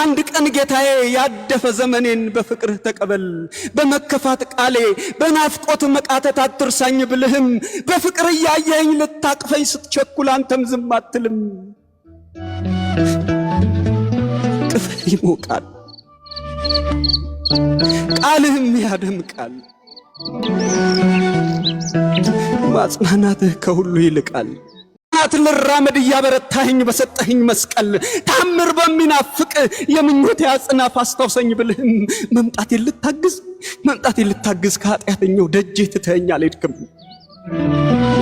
አንድ ቀን ጌታዬ ያደፈ ዘመኔን በፍቅርህ ተቀበል። በመከፋት ቃሌ በናፍቆት መቃተት አትርሳኝ ብልህም በፍቅር እያየኝ ልታቅፈኝ ስትቸኩል አንተም ዝም አትልም። ቅፈል ይሞቃል፣ ቃልህም ያደምቃል። ማጽናናትህ ከሁሉ ይልቃል። በፍርሃት ልራመድ እያበረታህኝ በሰጠህኝ መስቀል ታምር በሚናፍቅ የምኞቴ አጽናፍ አስታውሰኝ ብልህም መምጣቴ ልታግዝ መምጣቴ ልታግዝ ከኃጢአተኛው ደጄ ትተኸኝ አልሄድክም።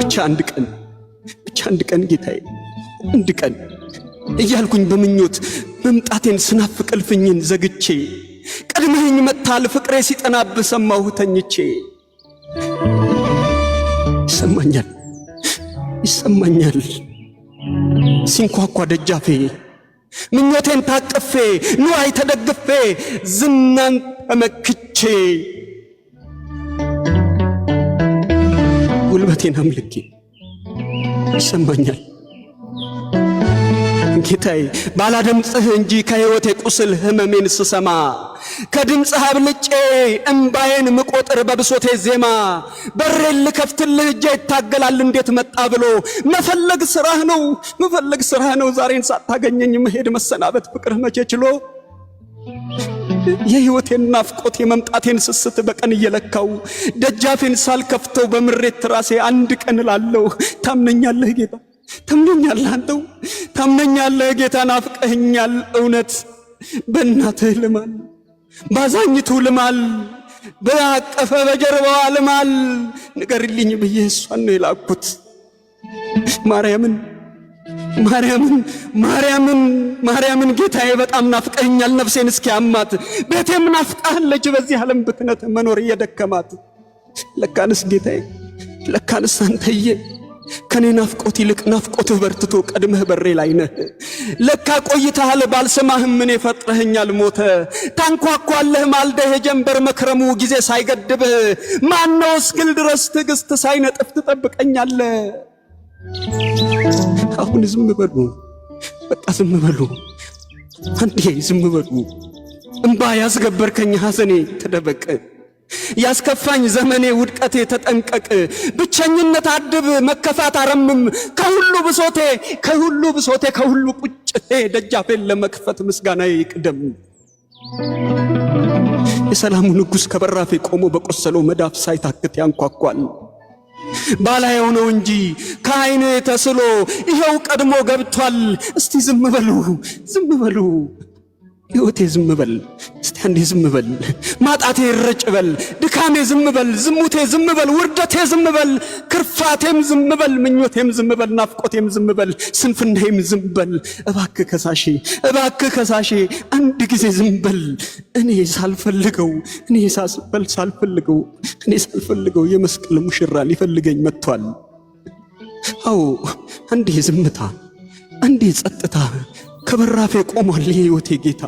ብቻ አንድ ቀን ብቻ አንድ ቀን ጌታዬ አንድ ቀን እያልኩኝ በምኞት መምጣቴን ስናፍቅ እልፍኝን ዘግቼ ቀድመህኝ መታል ፍቅሬ ሲጠናብህ ሰማሁ ተኝቼ ይሰማኛል ይሰማኛል። ሲንኳኳ ደጃፌ ምኞቴን ታቅፌ ንዋይ ተደግፌ ዝናን ተመክቼ ጉልበቴን አምልኬ ይሰማኛል። ጌታዬ ባላደምፅህ እንጂ ከሕይወቴ ቁስል ህመሜን ስሰማ ከድምፅህ አብልጬ እምባዬን ምቆጥር በብሶቴ ዜማ በሬን ልከፍትልህ እጄ ይታገላል እንዴት መጣ ብሎ መፈለግ ስራህ ነው መፈለግ ስራህ ነው ዛሬን ሳታገኘኝ መሄድ መሰናበት ፍቅርህ መቼ ችሎ የህይወቴን ናፍቆት የመምጣቴን ስስት በቀን እየለካው ደጃፌን ሳልከፍተው በምሬት ራሴ አንድ ቀን እላለሁ ታምነኛለህ ጌታ ታምነኛለህ፣ አንተው ታምነኛለህ። ጌታ ናፍቀኸኛል። እውነት በእናትህ ልማል፣ ባዛኝቱ ልማል፣ በአቀፈ በጀርባዋ ልማል። ንገርልኝ ብዬ እሷን ነው የላኩት። ማርያምን ማርያምን ማርያምን ማርያምን ጌታዬ በጣም ናፍቀኸኛል። ነፍሴን እስኪ አማት ቤቴም ናፍቃለች። በዚህ ዓለም ብክነት መኖር እየደከማት ለካንስ ጌታዬ ለካንስ አንተዬ ከኔ ናፍቆት ይልቅ ናፍቆትህ በርትቶ ቀድመህ በሬ ላይ ነህ። ለካ ቆይተሃል ባልሰማህም ምን ፈጥረኸኛል ሞተ ታንኳኳለህ ማልደህ የጀንበር መክረሙ ጊዜ ሳይገድብህ ማነው እስክል ድረስ ትዕግሥት ሳይነጥፍ ትጠብቀኛለህ። አሁን ዝም በሉ በቃ ዝም በሉ አንዴ ዝም በሉ እምባ ያስገበርከኝ ሐዘኔ ተደበቅ ያስከፋኝ ዘመኔ ውድቀቴ ተጠንቀቅ፣ ብቸኝነት አድብ፣ መከፋት አረምም፣ ከሁሉ ብሶቴ ከሁሉ ብሶቴ ከሁሉ ቁጭቴ ደጃፌን ለመክፈት ምስጋና ይቅደም። የሰላሙ ንጉሥ ከበራፌ ቆሞ በቆሰለው መዳፍ ሳይታክት ያንኳኳል። ባላየው ነው እንጂ ከዓይኔ ተስሎ ይኸው ቀድሞ ገብቷል። እስቲ ዝም በሉ፣ ዝም በሉ። ህይወቴ ዝም በል ስታንዴ ዝም በል፣ ማጣቴ ይረጭ በል፣ ድካሜ ዝም በል፣ ዝሙቴ ዝም በል፣ ውርደቴ ዝም በል፣ ክርፋቴም ዝም በል፣ ምኞቴም ዝም በል፣ ናፍቆቴም ዝም በል፣ ስንፍናዬም ዝም በል። እባክ ከሳሼ፣ እባክ ከሳሼ አንድ ጊዜ ዝም በል። እኔ ሳልፈልገው እኔ ሳስበል ሳልፈልገው እኔ ሳልፈልገው የመስቀል ሙሽራ ሊፈልገኝ መጥቷል። አዎ አንዴ ዝምታ፣ አንዴ ጸጥታ ከበራፌ ቆሟል የህይወቴ ጌታ።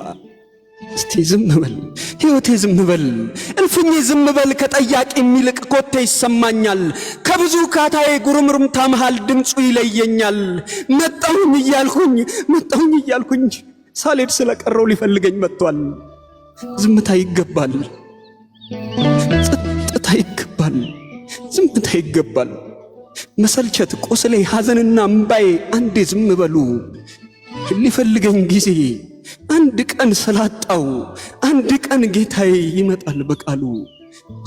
እስቲ ዝም በል ሕይወቴ፣ ዝም በል እልፍኝ ዝም በል ከጠያቂ የሚልቅ ኮቴ ይሰማኛል። ከብዙ ካታዬ ጉርምርምታ መሃል ድምፁ ይለየኛል። መጣሁኝ እያልኩኝ መጣሁኝ እያልኩኝ ሳሌድ ስለቀረው ሊፈልገኝ መጥቷል። ዝምታ ይገባል፣ ጸጥታ ይገባል፣ ዝምታ ይገባል። መሰልቸት፣ ቆስሌ፣ ሐዘንና እምባዬ አንዴ ዝም በሉ ሊፈልገኝ ጊዜ አንድ ቀን ስላጣው አንድ ቀን ጌታዬ ይመጣል በቃሉ።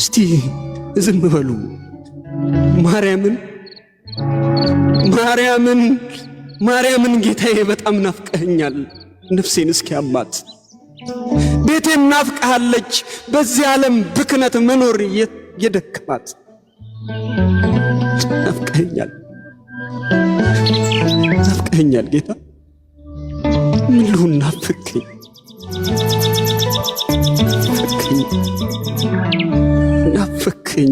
እስቲ ዝም በሉ ማርያምን ማርያምን ማርያምን ጌታዬ በጣም ናፍቀኸኛል፣ ነፍሴን እስኪ አማት ቤቴም ናፍቀሃለች። በዚህ ዓለም ብክነት መኖር የደከማት ናፍቀኸኛል ናፍቀኸኛል ጌታ ምን ልሁና ፍቅኝ ፍቅኝ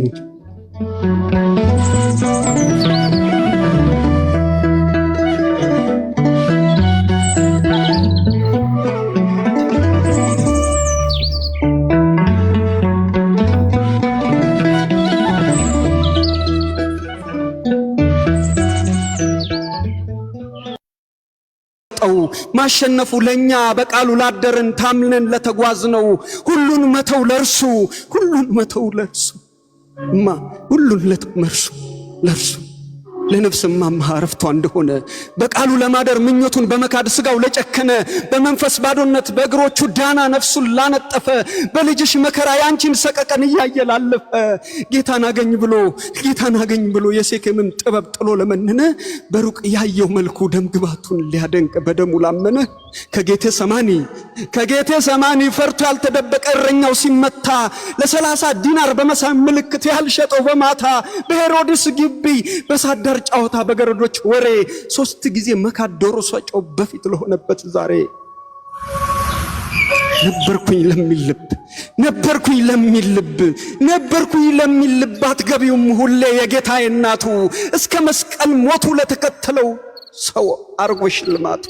ነው። ማሸነፉ ለኛ በቃሉ ላደረን ታምነን ለተጓዝ ነው። ሁሉን መተው ለርሱ ሁሉን መተው ለርሱ እማ ሁሉን ለተመርሱ ለርሱ ለነፍስም ማማረፍቷ እንደሆነ በቃሉ ለማደር ምኞቱን በመካድ ስጋው ለጨከነ በመንፈስ ባዶነት በእግሮቹ ዳና ነፍሱን ላነጠፈ በልጅሽ መከራ ያንቺን ሰቀቀን እያየ ላለፈ ጌታን አገኝ ብሎ ጌታን አገኝ ብሎ የሴኬምም ጥበብ ጥሎ ለመነነ በሩቅ ያየው መልኩ ደምግባቱን ሊያደንቅ በደሙ ላመነ ከጌቴ ሰማኒ ከጌቴ ሰማኒ ፈርቶ ያልተደበቀ እረኛው ሲመታ ለሰላሳ ዲናር በመሳም ምልክት ያልሸጠው በማታ በሄሮድስ ግቢ በሳዳ በክራር ጨዋታ፣ በገረዶች ወሬ ሶስት ጊዜ መካት ዶሮ ሰጨው በፊት ለሆነበት ዛሬ ነበርኩኝ ለሚል ልብ ነበርኩኝ ለሚል ልብ ነበርኩኝ ለሚል ልብ አትገቢውም ሁሌ የጌታ እናቱ እስከ መስቀል ሞቱ ለተከተለው ሰው አርጎ ሽልማቱ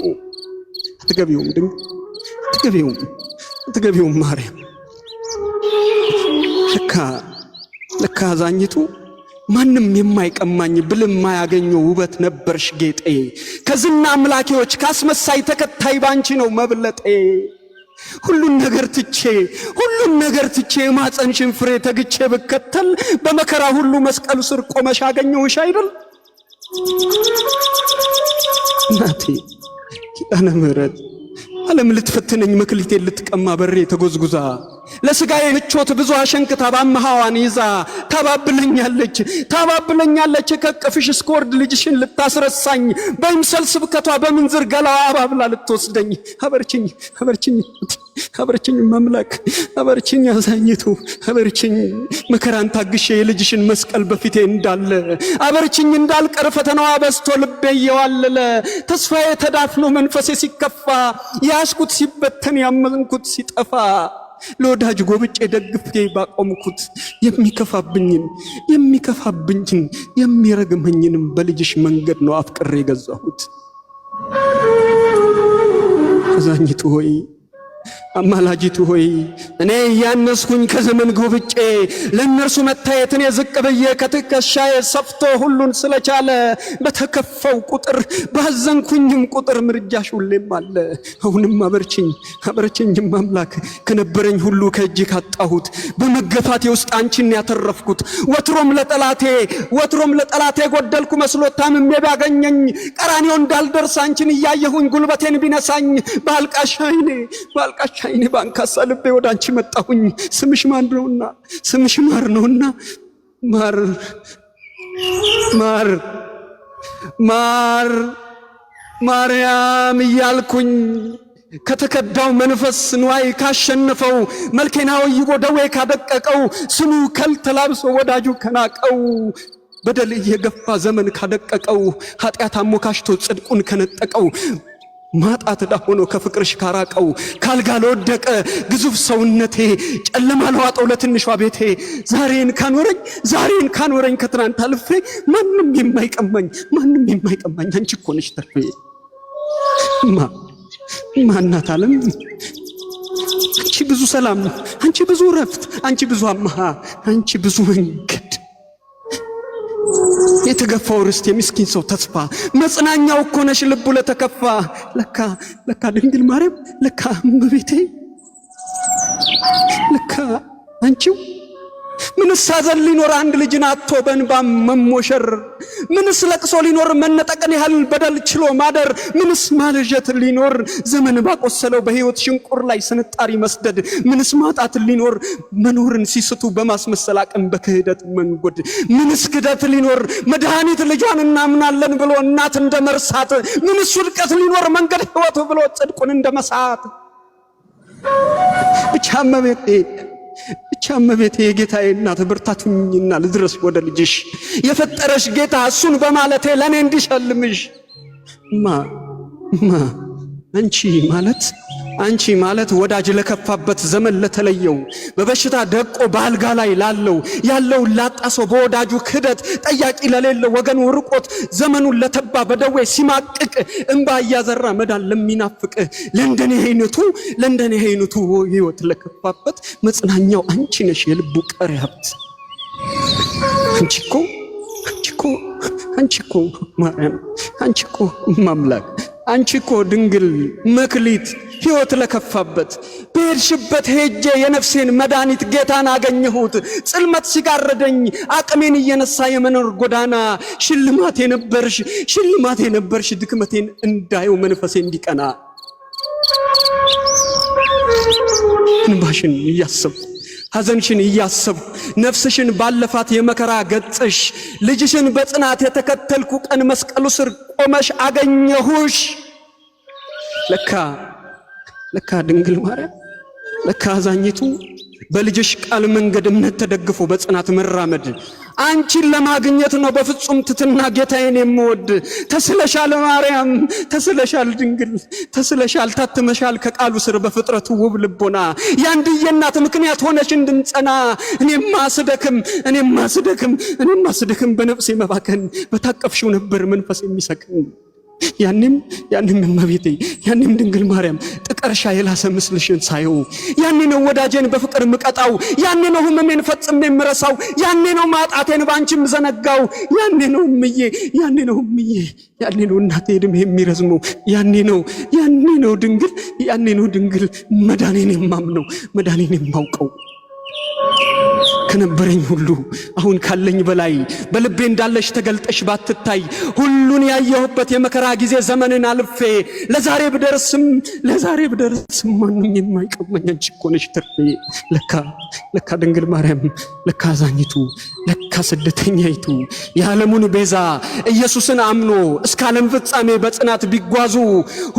አትገቢውም ድንግ አትገቢውም አትገቢውም ማርያም ልካ ልካ አዛኝቱ ማንም የማይቀማኝ ብል የማያገኘው ውበት ነበርሽ ጌጤ። ከዝና አምላኪዎች ካስመሳይ ተከታይ ባንቺ ነው መብለጤ። ሁሉን ነገር ትቼ ሁሉን ነገር ትቼ የማፀንሽን ፍሬ ተግቼ ብከተል በመከራ ሁሉ መስቀል ስር ቆመሽ አገኘውሽ አይደል እናቴ ኪዳነ ምሕረት ዓለም ልትፈትነኝ መክሊቴን ልትቀማ በሬ ተጎዝጉዛ ለስጋዬ ምቾት ብዙ አሸንክታ ባመሃዋን ይዛ ታባብለኛለች ታባብለኛለች ከቅፍሽ እስክወርድ ልጅሽን ልታስረሳኝ በይምሰል ስብከቷ በምንዝር ገላ አባብላ ልትወስደኝ። አበርችኝ አበርችኝ አበርችኝ መምለክ አበርችኝ አዛኝቱ አበርችኝ መከራን ታግሼ የልጅሽን መስቀል በፊቴ እንዳለ አበርችኝ እንዳልቀር ፈተናዋ በዝቶ ልቤ እየዋለለ ተስፋዬ ተዳፍኖ መንፈሴ ሲከፋ ያስኩት ሲበተን ያመንኩት ሲጠፋ ለወዳጅ ጎብጬ ደግፌ ባቆምኩት የሚከፋብኝን የሚከፋብኝን የሚረግመኝንም በልጅሽ መንገድ ነው አፍቅሬ የገዛሁት። አዛኝቱ ሆይ አማላጅቱ ሆይ እኔ እያነስኩኝ ከዘመን ጎብጬ ለእነርሱ መታየት እኔ ዝቅ ብዬ ከትከሻዬ ሰፍቶ ሁሉን ስለቻለ በተከፈው ቁጥር ባዘንኩኝም ቁጥር ምርጃሽ ሁሌም አለ። አሁንም አበርችኝ አበርችኝም አምላክ ከነበረኝ ሁሉ ከእጅ ካጣሁት በመገፋቴ ውስጥ አንቺን ያተረፍኩት ወትሮም ለጠላቴ ወትሮም ለጠላቴ ጎደልኩ መስሎት ታምሜ ቢያገኘኝ ቀራኔው እንዳልደርስ አንቺን እያየሁኝ ጉልበቴን ቢነሳኝ ባልቃሽ አይኔ ባልቃሽ አይኔ በአንካሳ ልቤ ወደ አንቺ መጣሁኝ። ስምሽ ማን ነውና ስምሽ ማር ነውና ማር ማር ማር ማርያም እያልኩኝ ከተከዳው መንፈስ ንዋይ ካሸነፈው ይጎ ደዌ ካደቀቀው ስኑ ከልት ላብሶ ወዳጁ ከናቀው በደል እየገፋ ዘመን ካደቀቀው ኃጢአት አሞካሽቶ ጽድቁን ከነጠቀው ማጣት ሆኖ ከፍቅርሽ ካራቀው ካልጋ ለወደቀ ግዙፍ ሰውነቴ ጨለማ ለዋጠው ለትንሿ ቤቴ ዛሬን ካኖረኝ ዛሬን ካኖረኝ ከትናንት አልፌ ማንም የማይቀማኝ ማንም የማይቀማኝ አንቺ እኮ ነሽ ተርፌ ማ ማናት አለም አንቺ ብዙ ሰላም፣ አንቺ ብዙ ረፍት፣ አንቺ ብዙ አማሃ፣ አንቺ ብዙ መንገድ የተገፋው ርስት የምስኪን ሰው ተስፋ መጽናኛው እኮ ነሽ ልቡ ለተከፋ። ለካ ለካ ድንግል ማርያም ለካ እመቤቴ ለካ አንቺው ምንስ ሐዘን ሊኖር አንድ ልጅን አጥቶ በእንባ መሞሸር? ምንስ ለቅሶ ሊኖር መነጠቅን ያህል በደል ችሎ ማደር? ምንስ ማለጀት ሊኖር ዘመን ባቆሰለው በሕይወት ሽንቁር ላይ ስንጣሪ መስደድ? ምንስ ማጣት ሊኖር መኖርን ሲስቱ በማስመሰል አቅም በክህደት መንጎድ? ምንስ ክደት ሊኖር መድኃኒት ልጇን እናምናለን ብሎ እናት እንደ መርሳት? ምንስ ውድቀት ሊኖር መንገድ ሕይወቱ ብሎ ጽድቁን እንደ መሳት? ብቻ መቤቴ ብቻ እመቤቴ የጌታዬ እናት ብርታቱኝና ልድረስ ወደ ልጅሽ የፈጠረሽ ጌታ እሱን በማለቴ ለእኔ እንዲሸልምሽ። ማ ማ አንቺ ማለት አንቺ ማለት ወዳጅ ለከፋበት ዘመን ለተለየው በበሽታ ደቆ በአልጋ ላይ ላለው ያለውን ላጣ ሰው በወዳጁ ክህደት ጠያቂ ለሌለው ወገኑ ርቆት ዘመኑን ለተባ በደዌ ሲማቅቅ እንባ እያዘራ መዳን ለሚናፍቅ ለእንደኔ አይነቱ ለእንደኔ አይነቱ ህይወት ለከፋበት መጽናኛው አንቺ ነሽ የልቡ ቀሪ ሀብት። አንቺ እኮ አንቺ እኮ አንቺ እኮ ማርያም አንቺ እኮ ማምላክ አንቺ እኮ ድንግል መክሊት ሕይወት ለከፋበት በሄድሽበት ሄጄ የነፍሴን መድኃኒት ጌታን አገኘሁት። ጽልመት ሲጋረደኝ አቅሜን እየነሳ የመኖር ጎዳና ሽልማቴ ነበርሽ፣ ሽልማቴ ነበርሽ። ድክመቴን እንዳየው መንፈሴ እንዲቀና እንባሽን እያሰብኩ ሐዘንሽን እያሰብኩ ነፍስሽን ባለፋት የመከራ ገጽሽ ልጅሽን በጽናት የተከተልኩ ቀን መስቀሉ ስር ቆመሽ አገኘሁሽ ለካ ለካ ድንግል ማርያም ለካ አዛኝቱ በልጅሽ ቃል መንገድ እምነት ተደግፎ በጽናት መራመድ አንቺን ለማግኘት ነው። በፍጹም ትትና ጌታዬን የምወድ ተስለሻል ማርያም፣ ተስለሻል ድንግል፣ ተስለሻል ታትመሻል ከቃሉ ስር በፍጥረቱ ውብ ልቦና የአንድዬ እናት ምክንያት ሆነሽ እንድንጸና እኔም ስደክም እኔማ ስደክም እኔማ ስደክም በነፍሴ መባከን በታቀፍሽው ነበር መንፈስ የሚሰክን ያኔም ያኔም እመቤቴ ያኔም ድንግል ማርያም ጥቀርሻ የላሰ ምስልሽን ሳየው ያኔ ነው ወዳጄን በፍቅር ምቀጣው፣ ያኔ ነው ህመሜን ፈጽሜ የምረሳው፣ ያኔ ነው ማጣቴን ባንቺም ዘነጋው፣ ያኔ ነው እምዬ፣ ያኔ ነው እምዬ፣ ያኔ ነው እናቴ እድሜ የሚረዝመው፣ ያኔ ነው ያኔ ነው ድንግል፣ ያኔ ነው ድንግል መዳኔን የማምነው መዳኔን የማውቀው ከነበረኝ ሁሉ አሁን ካለኝ በላይ በልቤ እንዳለሽ ተገልጠሽ ባትታይ ሁሉን ያየሁበት የመከራ ጊዜ ዘመንን አልፌ ለዛሬ ብደርስም ለዛሬ ብደርስም ማንም የማይቀመኝ አንቺ እኮ ነሽ ትርፌ። ለካ ለካ ድንግል ማርያም ለካ አዛኝቱ ለካ ስደተኛይቱ የዓለሙን ቤዛ ኢየሱስን አምኖ እስከ ዓለም ፍጻሜ በጽናት ቢጓዙ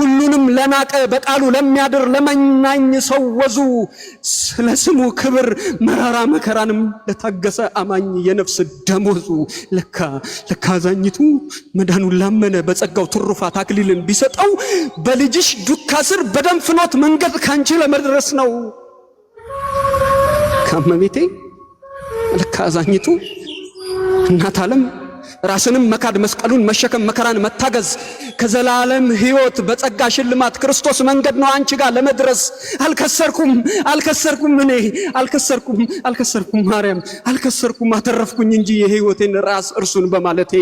ሁሉንም ለናቀ በቃሉ ለሚያድር ለመናኝ ሰው ወዙ ስለ ስሙ ክብር መራራ መከራን ለዓለም ለታገሰ አማኝ የነፍስ ደሞዙ ለካ ለካ አዛኝቱ መዳኑን ላመነ በጸጋው ትሩፋት አክሊልን ቢሰጠው በልጅሽ ዱካ ስር በደም ፍኖት መንገድ ካንቺ ለመድረስ ነው። ከመቤቴ ለካ አዛኝቱ እናት ዓለም ራስንም መካድ መስቀሉን መሸከም መከራን መታገዝ ከዘላለም ሕይወት በጸጋ ሽልማት ክርስቶስ መንገድ ነው አንቺ ጋር ለመድረስ። አልከሰርኩም፣ አልከሰርኩም፣ እኔ አልከሰርኩም፣ አልከሰርኩም፣ ማርያም አልከሰርኩም፣ አተረፍኩኝ እንጂ የሕይወቴን ራስ እርሱን በማለቴ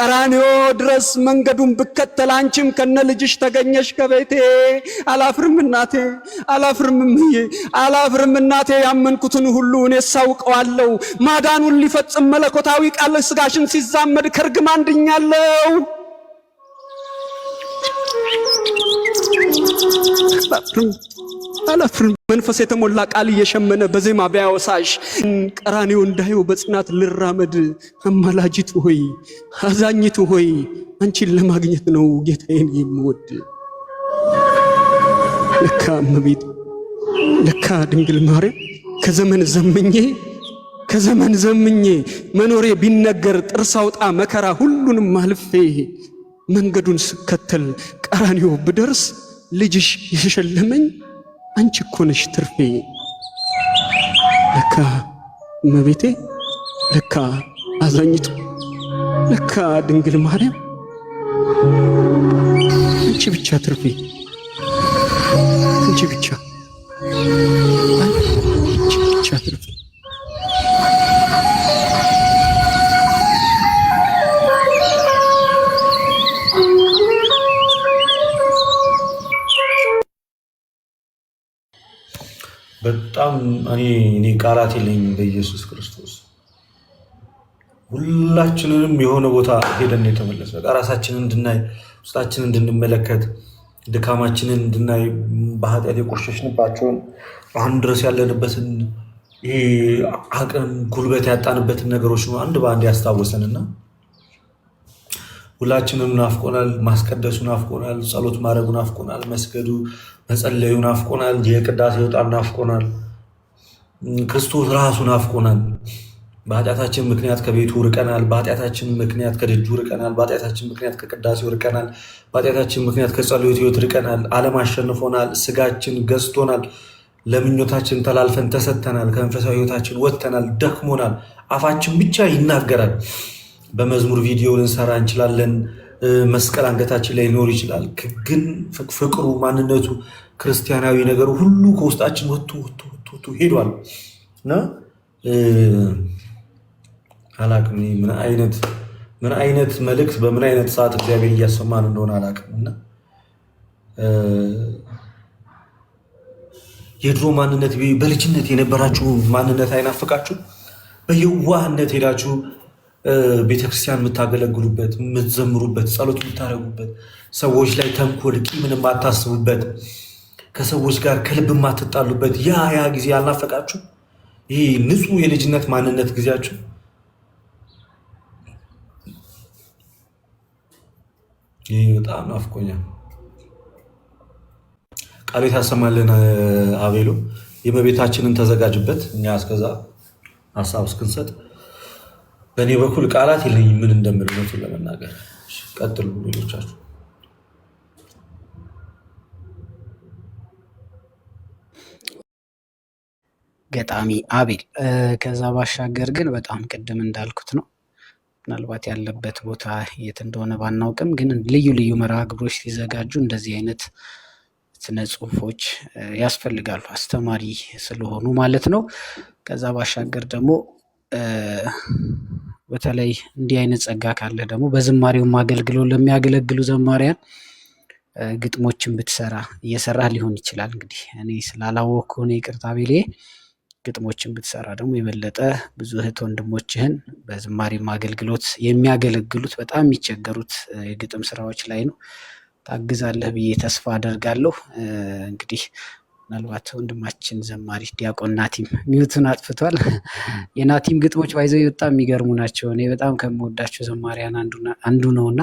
ቀራንዮ ድረስ መንገዱን ብከተል አንቺም ከነ ልጅሽ ተገኘሽ ከቤቴ። አላፍርም እናቴ፣ አላፍርም እምዬ፣ አላፍርም እናቴ። ያመንኩትን ሁሉ እኔ ሳውቀዋለሁ። ማዳኑን ሊፈጽም መለኮታዊ ቃል ስጋሽን ሲዛመድ ከርግማን ድኛለሁ። አላፍርም። መንፈስ የተሞላ ቃል እየሸመነ በዜማ ቢያወሳሽ ቀራኔው እንዳየው በጽናት ልራመድ። አማላጅት ሆይ አዛኝት ሆይ አንቺን ለማግኘት ነው ጌታዬን የምወድ። ለካ እመቤት፣ ለካ ድንግል ማርያም ከዘመን ዘመኜ ከዘመን ዘምኜ መኖሬ ቢነገር ጥርስ አውጣ መከራ ሁሉንም አልፌ መንገዱን ስከተል ቀራንዮ ብደርስ ልጅሽ የሸለመኝ አንቺ እኮ ነሽ ትርፌ። ለካ እመቤቴ፣ ለካ አዛኝቱ፣ ለካ ድንግል ማርያም አንቺ ብቻ ትርፌ፣ አንቺ ብቻ በጣም እኔ እኔ ቃላት የለኝም በኢየሱስ ክርስቶስ። ሁላችንንም የሆነ ቦታ ሄደን የተመለሰ በቃ ራሳችንን እንድናይ ውስጣችንን እንድንመለከት ድካማችንን እንድናይ በኃጢአት የቆሸሽንባቸውን አሁን ድረስ ያለንበትን ይሄ አቅም ጉልበት ያጣንበትን ነገሮች አንድ በአንድ ያስታወሰንና ሁላችንም ናፍቆናል። ማስቀደሱ ናፍቆናል። ጸሎት ማድረጉ ናፍቆናል። መስገዱ መጸለዩ ናፍቆናል። የቅዳሴ ወጣን ናፍቆናል። ክርስቶስ ራሱ ናፍቆናል። በኃጢአታችን ምክንያት ከቤቱ ርቀናል። በኃጢአታችን ምክንያት ከደጁ ርቀናል። በኃጢአታችን ምክንያት ከቅዳሴው ርቀናል። በኃጢአታችን ምክንያት ከጸሎት ሕይወት ርቀናል። ዓለም አሸንፎናል። ስጋችን ገዝቶናል። ለምኞታችን ተላልፈን ተሰጥተናል። ከመንፈሳዊ ሕይወታችን ወጥተናል። ደክሞናል። አፋችን ብቻ ይናገራል። በመዝሙር ቪዲዮ ልንሰራ እንችላለን። መስቀል አንገታችን ላይ ሊኖር ይችላል። ግን ፍቅሩ፣ ማንነቱ፣ ክርስቲያናዊ ነገሩ ሁሉ ከውስጣችን ወጥቶ ወጥቶ ሄዷል እና አላቅም ምን አይነት ምን አይነት መልእክት በምን አይነት ሰዓት እግዚአብሔር እያሰማን እንደሆነ አላቅም እና የድሮ ማንነት በልጅነት የነበራችሁ ማንነት አይናፍቃችሁ በየዋህነት ሄዳችሁ ቤተክርስቲያን የምታገለግሉበት፣ የምትዘምሩበት፣ ጸሎት የምታደርጉበት፣ ሰዎች ላይ ተንኮል ቂምን የማታስቡበት፣ ከሰዎች ጋር ከልብ የማትጣሉበት ያ ያ ጊዜ አልናፈቃችሁ? ይህ ንጹህ የልጅነት ማንነት ጊዜያችሁ ይህ በጣም ናፍቆኛል። ቃል ያሰማልን አቤሎ የመቤታችንን ተዘጋጅበት። እኛ እስከዛ ሀሳብ እስክንሰጥ በእኔ በኩል ቃላት የለኝ ምን እንደምል እውነቱን ለመናገር። ቀጥሉ ሌሎቻችሁ። ገጣሚ አቤል። ከዛ ባሻገር ግን በጣም ቅድም እንዳልኩት ነው ምናልባት ያለበት ቦታ የት እንደሆነ ባናውቅም ግን ልዩ ልዩ መርሃ ግብሮች ሲዘጋጁ እንደዚህ አይነት ስነ ጽሁፎች ያስፈልጋሉ፣ አስተማሪ ስለሆኑ ማለት ነው። ከዛ ባሻገር ደግሞ በተለይ እንዲህ አይነት ጸጋ ካለህ ደግሞ በዝማሬውም አገልግሎ ለሚያገለግሉ ዘማሪያን ግጥሞችን ብትሰራ እየሰራ ሊሆን ይችላል። እንግዲህ እኔ ስላላወቅኩ ሆነ ይቅርታ ብዬ ግጥሞችን ብትሰራ ደግሞ የበለጠ ብዙ እህት ወንድሞችህን በዝማሬም አገልግሎት የሚያገለግሉት በጣም የሚቸገሩት የግጥም ስራዎች ላይ ነው ታግዛለህ ብዬ ተስፋ አደርጋለሁ። እንግዲህ ምናልባት ወንድማችን ዘማሪ ዲያቆን ናቲም ሚዩቱን አጥፍቷል። የናቲም ግጥሞች ባይዘው የወጣ የሚገርሙ ናቸው። እኔ በጣም ከምወዳቸው ዘማሪያን አንዱ ነው እና